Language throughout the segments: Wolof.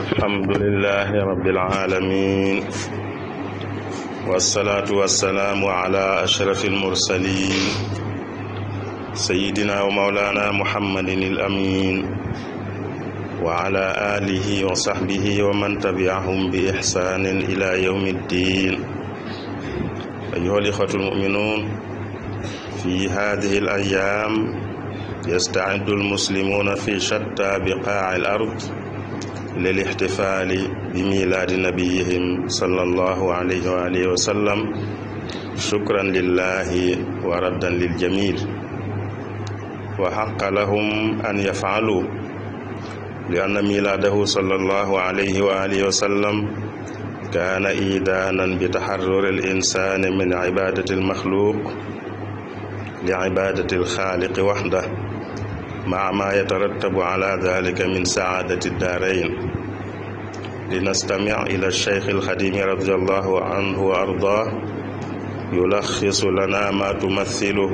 الحمد لله رب العالمين والصلاة والسلام على أشرف المرسلين سيدنا ومولانا محمد الأمين وعلى آله وصحبه ومن تبعهم بإحسان إلى يوم الدين أيها الإخوة المؤمنون في هذه الأيام يستعد المسلمون في شتى بقاع الأرض للاحتفال بميلاد نبيهم صلى الله عليه وآله وسلم شكرا لله وردا للجميل وحق لهم أن يفعلوا لأن ميلاده صلى الله عليه وآله وسلم كان إيدانا بتحرر الإنسان من عبادة المخلوق لعبادة الخالق وحده مع ما يترتب على ذلك من سعادة الدارين لنستمع إلى الشيخ الخديم رضي الله عنه وأرضاه يلخص لنا ما تمثله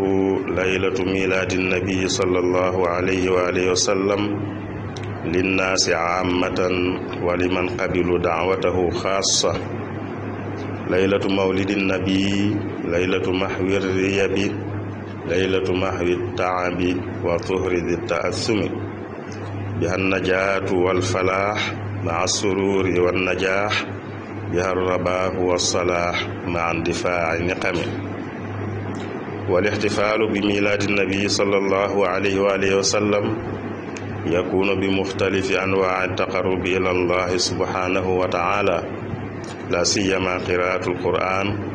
ليلة ميلاد النبي صلى الله عليه وآله وسلم للناس عامة ولمن قبلوا دعوته خاصة ليلة مولد النبي ليلة محو الريبي ليلة محو التعب وطهر ذي التأثم بها النجاة والفلاح مع السرور والنجاح بها الرباه والصلاح مع اندفاع نقم والاحتفال بميلاد النبي صلى الله عليه وآله وسلم يكون بمختلف أنواع التقرب إلى الله سبحانه وتعالى لا سيما قراءة القرآن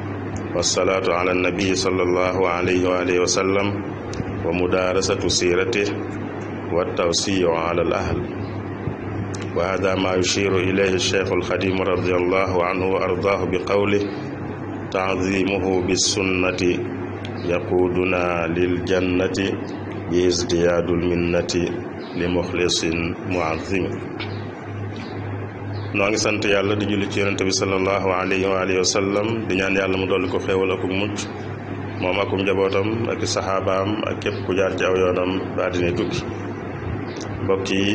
والصلاة على النبي صلى الله عليه وآله وسلم ومدارسة سيرته والتوسيع على الأهل وهذا ما يشير إليه الشيخ الخديم رضي الله عنه وأرضاه بقوله تعظيمه بالسنة يقودنا للجنة بازدياد المنة لمخلص معظم maa ngi sant yàlla di julli ci yonente bi salallahu alayhi wa alihi wa sallam di ñaan yàlla mu dolli ko xéewal ak mucc moom akum njabootam ak sahabaam ak képp ku jaar ci aw yoonam baa dinay tukki mbokk yi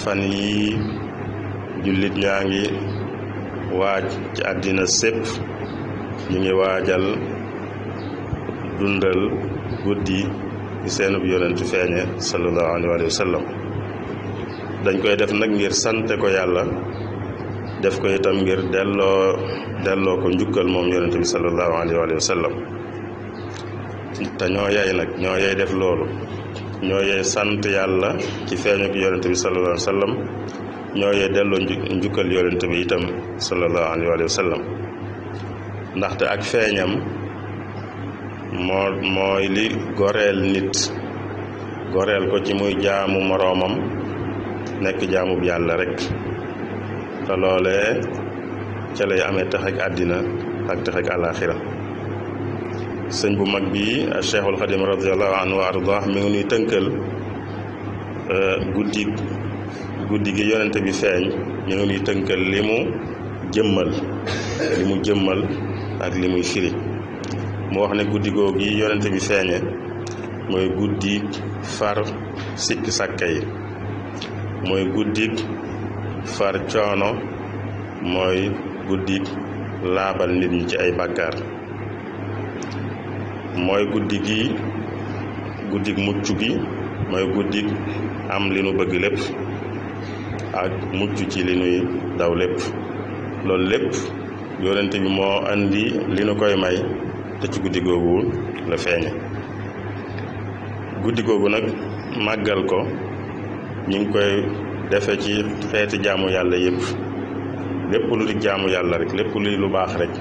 fan yi jullit ñaa ngi waaj ci àddina sépp ñu ngi waajal dundal guddi seenub yonent feeñe salallahu alayhi wa alihi wa sallam dañ koy def nag ngir sante ko yàlla def ko itam ngir delloo delloo ko njukkal moom yonente bi salallahu alayhi walihi wa sallam te ñoo yey nag ñoo yey def loolu ñoo yey sant yàlla ci feeñuk yonente bi salallahu alihi wa sallam ñoo yey delloo njukkal yonente bi itam salallahu alayhi walihi wa sallam ndaxte ak feeñam moo mooy li goreel nit goreel ko ci muy jaamu moroomam nekk jaamub yàlla rek te loolee ca lay amee tax ak àddina ak tax ak sëñ bu mag bi cheikhul xadim radiallahu anhu wa ardah mi ngi nuy tënkal e, guddi guddi gi yonente bi feeñ mi ngi nuy tënkal li mu jëmmal li mu jëmmal ak li muy firi mu wax ne guddi googu yi yonente bi feeñe mooy guddi far sikki sàkka yi mooy guddik far coono mooy guddik laabal nit ñi ci ay bàkkaar mooy guddi gi guddik mucc gi mooy guddik am li nu bëgg lépp ak mucc ci li nuy daw lépp loolu lépp yonente bi moo andi li nu koy may te ci guddi la feeñe guddi googu nag màggal ko ñu ngi koy defe ci xeeti jaamu yàlla yëpp lépp lu di jaamu yàlla rek lépp luy lu baax rek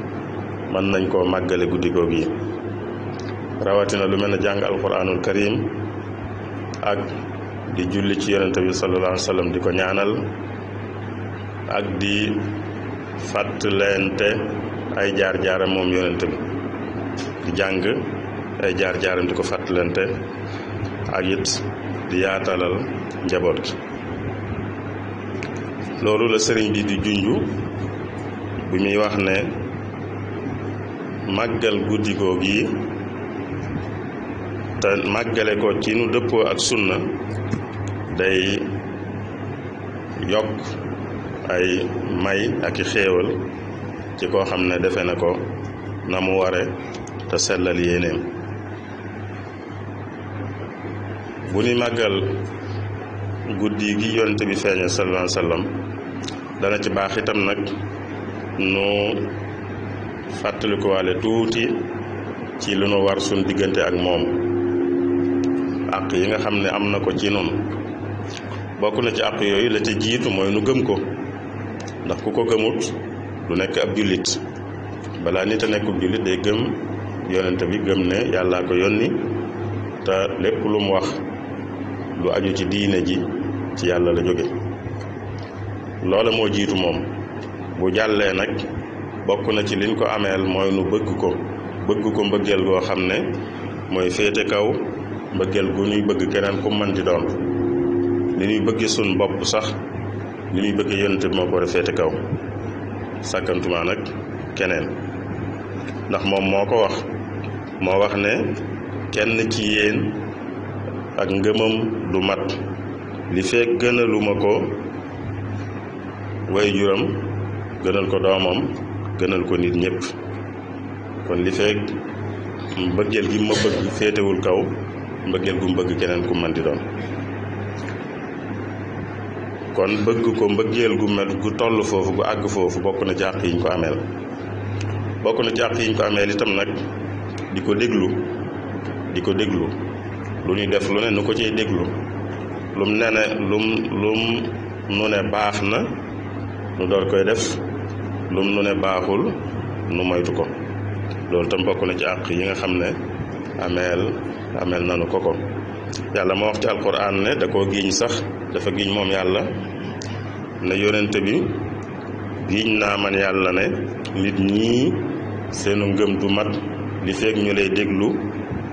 mën nañ koo màggale guddi googu yi rawatina lu mel ne jàng alquranul karim ak di julli ci yonente bi sallallahu alayhi di ko ñaanal ak di fàttalente ay jaar-jaaram moom yonente bi di jàng ay e jaar jaarandi ko fàttalante ak it di yaatalal njaboot gi loolu la sëriñ bi di junj bu muy wax ne màggal guddigoog yi te màggale ko ci nu dëppoo ak sunna day yokk ay may ak xéewal ci koo xam ne defe na ko na mu ware te sellal yéeneem bu magal màggal guddi gi yonte bi feeñe sallallahu alaihi wasallam dana ci bax itam no, nu fàttalikuwaale tuuti ci lu no war sun diggante ak mom ak yi nga xamne amna ko ci non bokku na ci ak yoy la ci jitu moy nu gem ko ndax kuko gemut lu nek ab julit bala ni ta nek julit day gem bi gem ne yalla ko yonni ta lepp lu mu wax lu aju ci diine ji ci yàlla la jóge loola moo jiitu moom bu jàllee nag bokk na ci liñ ko ameel mooy nu bëgg ko bëgg ko mbëggeel goo xam ne mooy féete kaw mbëggeel gu ñuy bëgg keneen ku man di doon li ñuy bëgg suñ bopp sax li ñuy bëgg yonent moo ko war a féete kaw sàkkantuma nag keneen ndax moom moo ko wax moo wax ne kenn ci yéen ak ngëmam du mat li fekk gënalu ko way juróom gënal ko doomam gënal ko nit ñépp kon li fekk mbëggeel gi ma bëgg féetewul kaw mbëggeel gu mu bëgg keneen ku mën di doon kon bëgg ko mbëggeel gu mel gu toll foofu gu àgg foofu bokk na ci àq yi ñu ko ameel bokk na ci àq yi ñu ko ameel itam nag di ko déglu di ko déglu lu ñuy def lu ne nu ko cee déglu lum ne ne lum lum nu ne baax na lu door koy def lu nu ne baaxul nu moytu ko loolu tam bokk na ci àq yi nga xam ne ameel ameel nanu ko ko yàlla moo wax ci alquran ne da koo giiñ sax dafa giiñ moom yàlla ne yonente bi giiñ naa man yàlla ne nit ñi seenu ngëm du mat li feeg ñu lay déglu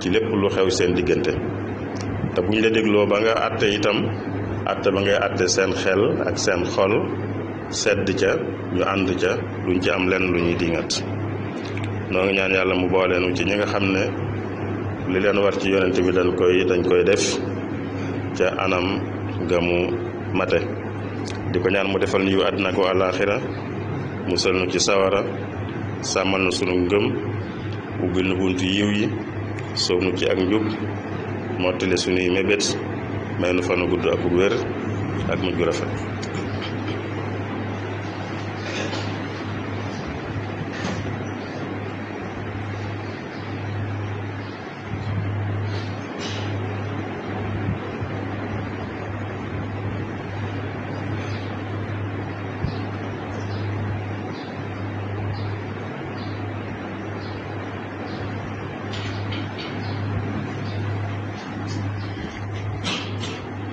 ci lépp lu xew seen diggante te buñ la dégloo ba nga atté itam atté ba ngay atté seen xel ak seen xol sedd ca ñu ànd ca luñ ci am lenn lu dingat noo ngi ñaan yàlla mu booleenu ci ñi nga xam ne li leen war ci yonent bi dañ koy dañ koy def ca anam ga mate di ko ñaan mu defal ñu àddina ko àllaaxira musal nu ci sawara sàmmal na sunu ngëm ubbil nu buntu yiw yi soob nu ci ak njub mottali suñuy mébét may nu fanu gudd ak wér ak mujj gu rafet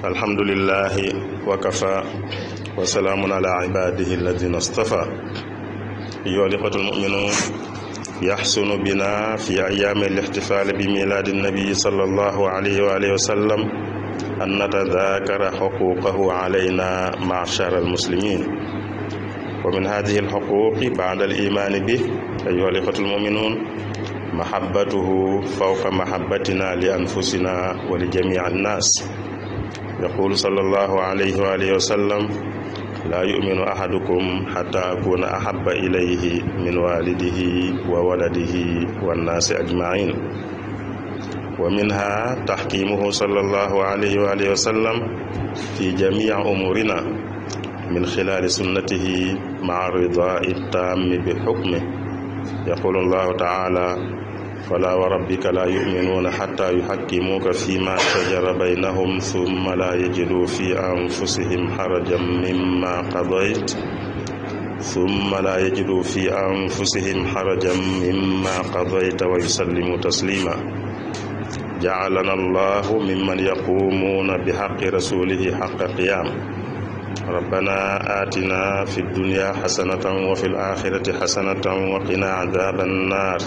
الحمد لله وكفى وسلام على عباده الذين اصطفى أيها الإخوة المؤمنون يحسن بنا في أيام الاحتفال بميلاد النبي صلى الله عليه وآله وسلم أن نتذاكر حقوقه علينا معشر المسلمين ومن هذه الحقوق بعد الإيمان به أيها الإخوة المؤمنون محبته فوق محبتنا لأنفسنا ولجميع الناس يقول صلى الله عليه وآله وسلم لا يؤمن أحدكم حتى أكون أحب إليه من والده وولده والناس أجمعين ومنها تحكيمه صلى الله عليه وآله وسلم في جميع أمورنا من خلال سنته مع الرضاء التام بحكمه يقول الله تعالى فلا وربك لا يؤمنون حتى يحكموك فيما شجر بينهم ثم لا يجدوا في أنفسهم حرجا مما قضيت ثم لا يجدوا في أنفسهم حرجا مما قضيت ويسلموا تسليما جعلنا الله ممن يقومون بحق رسوله حق قيام ربنا آتنا في الدنيا حسنة وفي الآخرة حسنة وقنا عذاب النار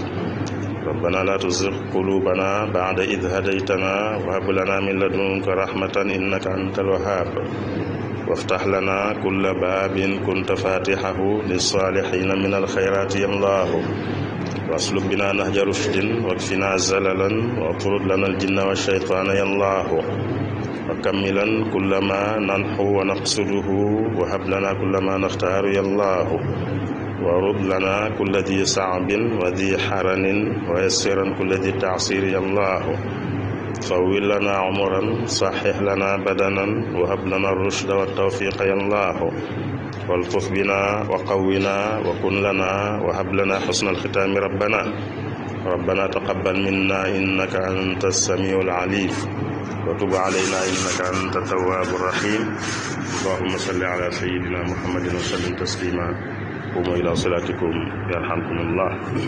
ربنا لا تزغ قلوبنا بعد إذ هديتنا وهب لنا من لدنك رحمة إنك أنت الوهاب وافتح لنا كل باب كنت فاتحه للصالحين من الخيرات يا الله واسلك بنا نهج رشد واكفنا زللا واطرد لنا الجن والشيطان يا الله وكملا كل ما ننحو ونقصده وهب لنا كل ما نختار يا الله ورد لنا كل ذي صعب وذي حرن ويسر كل ذي تعسير يا الله طول لنا عمرا صحح لنا بدنا وهب لنا الرشد والتوفيق يا الله والطف بنا وقونا وكن لنا وهب لنا حسن الختام ربنا ربنا تقبل منا إنك أنت السميع العليم وتب علينا إنك أنت التواب الرحيم اللهم صل على سيدنا محمد وسلم تسليما قوموا إلى صلاتكم يرحمكم الله